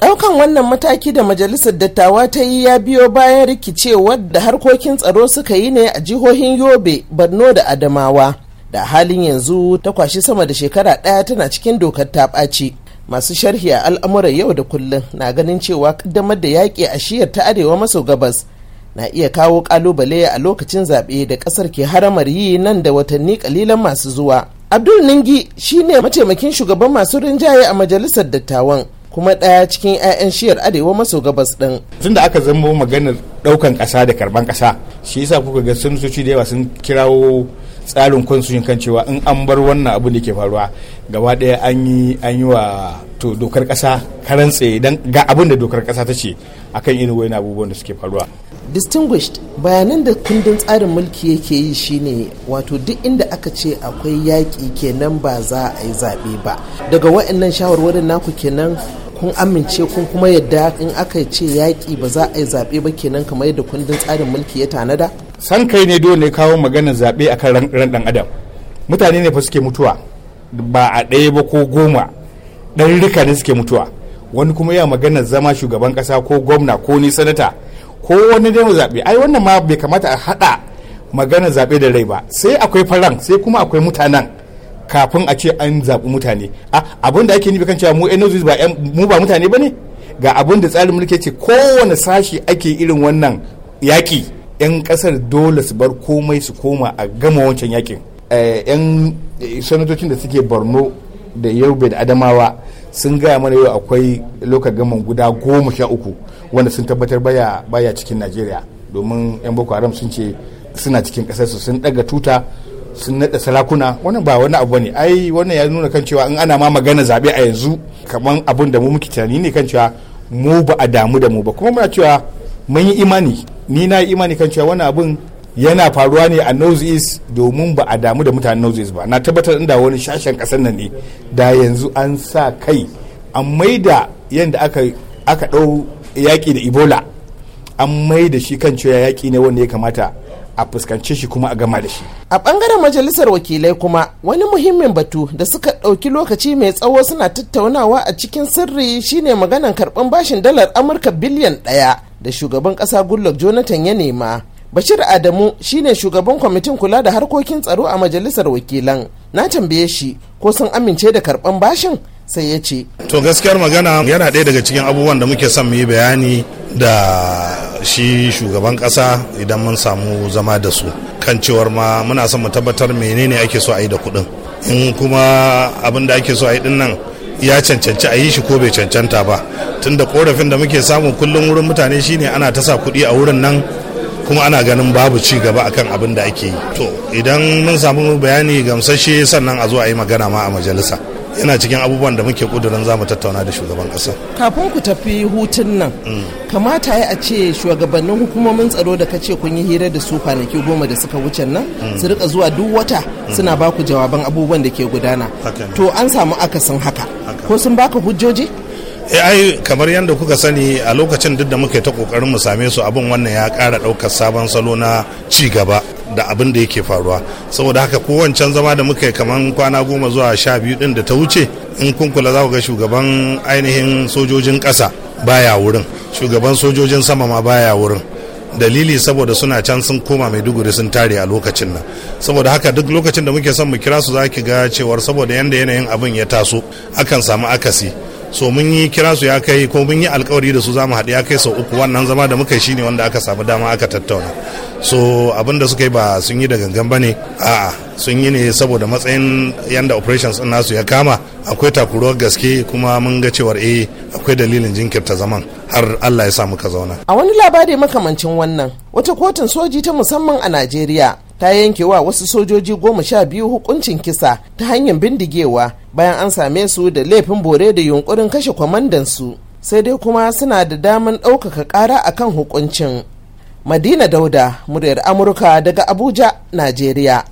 Daukan wannan mataki da Majalisar Dattawa ta yi ya biyo bayan rikicewar da harkokin tsaro suka yi ne a jihohin Yobe, Borno da Adamawa. Da halin yanzu ta kwashi sama da shekara ɗaya tana cikin dokar ta ɓaci. Masu sharhi a al'amuran yau da kullum na ganin cewa kaddamar da yaƙi a shiyar ta arewa maso gabas na iya kawo ƙalubale a lokacin zaɓe da ƙasar ke haramar yi nan da watanni ƙalilan masu zuwa. Abdul Ningi shine mataimakin shugaban masu rinjaye a majalisar dattawan kuma ɗaya cikin 'ya'yan shiyar arewa maso gabas ɗin. tun da aka zama maganar ɗaukan ƙasa da karban ƙasa shi yasa kuka ga soci da yawa sun kirawo tsarin yin kan cewa in an bar wannan abin da ke faruwa gaba ɗaya an yi wa to dokar ƙasa karan tsaye dan ga abin da dokar ƙasa ta ce akan irin wani abubuwan da suke faruwa distinguished bayanan da kundin tsarin mulki yake yi shine wato duk inda aka ce akwai yaƙi kenan ba za a yi zaɓe ba daga waɗannan shawarwarin naku kenan kun amince kun kuma yadda in aka ce yaƙi ba za a yi zaɓe ba kenan kamar yadda kundin tsarin mulki ya tanada? san kai ne dole ne kawo maganar zaɓe a kan ran ɗan adam mutane ne fa suke mutuwa ba a ɗaya ba ko goma ɗan rika ne suke mutuwa wani kuma ya maganar zama shugaban ƙasa ko gwamna ko ni sanata ko wani dai zaɓe ai wannan ma bai kamata a haɗa maganar zaɓe da rai ba sai akwai faran sai kuma akwai mutanen kafin a ce an zaɓi mutane abin da ake nufi kan cewa mu NOZs ba mu ba mutane ba ne ga abin da tsarin mulki ce kowane sashi ake irin wannan yaƙi 'yan ƙasar dole su bar komai su koma a gama wancan yaƙin 'yan eh, sanatocin da suke borno da yobe da adamawa sun gaya mana yau akwai lokacin gaman guda goma sha uku wanda sun tabbatar baya cikin najeriya domin 'yan boko haram sun ce suna cikin ƙasarsu sun ɗaga tuta sun naɗa salakuna wannan ba wani abu ne ai wannan ya nuna kan cewa in ana ma magana zabe a yanzu kamar abun da mu muke tunani ne kan cewa mu ba a damu da mu ba kuma muna cewa mun yi imani ni na yi imani kan cewa wani abun yana faruwa ne a north east domin ba a damu da mutanen north east ba na tabbatar inda wani shashen kasar nan ne da yanzu an sa kai an maida yadda aka ɗau yaƙi da ebola an maida shi kan cewa yaƙi ne wanda ya kamata a fuskance shi kuma a gama da shi a bangaren majalisar wakilai kuma wani muhimmin batu da suka ɗauki lokaci mai tsawo suna tattaunawa a cikin sirri shine maganan karɓar bashin dalar amurka biliyan ɗaya da shugaban ƙasa goodluck jonathan ya nema bashir adamu shine shugaban kwamitin kula da harkokin tsaro a majalisar wakilan na tambaye shi ko sun amince da karɓar bashin sai ya ce to gaskiyar magana yana ɗaya daga cikin abubuwan da muke son mu yi bayani da shi shugaban kasa idan mun samu zama da su kan cewar ma muna son mu tabbatar menene ake so a yi da kuɗin in kuma abin da ake so a yi din nan ya cancanci a yi shi ko bai cancanta ba tunda korafin da muke samu kullum wurin mutane shine ana ta sa kuɗi a wurin nan kuma ana ganin babu ci gaba akan abin da ake yi to idan mun samu bayani gamsashe sannan a zo a yi magana ma a majalisa yana cikin abubuwan da muke kudurin za mu tattauna da shugaban kasa kafin ku tafi hutun nan mm. kamata ya a ce shugabannin hukumomin tsaro da ka ce kun yi hira da su kwanaki goma da suka wuce nan mm. su rika zuwa duk wata mm. suna baku jawaban abubuwan da ke gudana to an samu akasin haka ko sun baka hujjoji eh, ai kamar yadda kuka sani a lokacin duk da muke ta kokarin mu same su abin wannan ya kara ɗaukar sabon salo na ci gaba da abin da yake faruwa saboda haka kowancan zama da muka yi kamar kwana goma zuwa sha biyu din da ta wuce in kun kula za ku ga shugaban ainihin sojojin ƙasa baya wurin shugaban sojojin sama ma baya wurin dalili saboda suna can sun koma mai duguri sun tare a lokacin nan saboda haka duk lokacin da muke son mu kira su za ki ga cewar saboda yanda yanayin abin ya taso akan samu akasi so mun yi kira su ya kai ko mun yi alkawari da su zamu haɗu ya kai sau uku wannan zama da muka shi ne wanda aka samu dama aka tattauna so abin da suka yi ba sun yi da gangan ba ne a'a sun yi ne saboda matsayin yanda operations din nasu ya kama akwai takuruwar gaske kuma mun ga cewar eh akwai dalilin jinkirta zaman har Allah ya sa muka zauna a wani labari makamancin wannan wata kotun soji ta musamman a Najeriya ta yanke wa wasu sojoji goma sha biyu hukuncin kisa ta hanyar bindigewa bayan an same su da laifin bore da yunkurin kashe kwamandansu sai dai kuma suna da daman ɗaukaka ƙara a kan hukuncin madina dauda muryar amurka daga abuja najeriya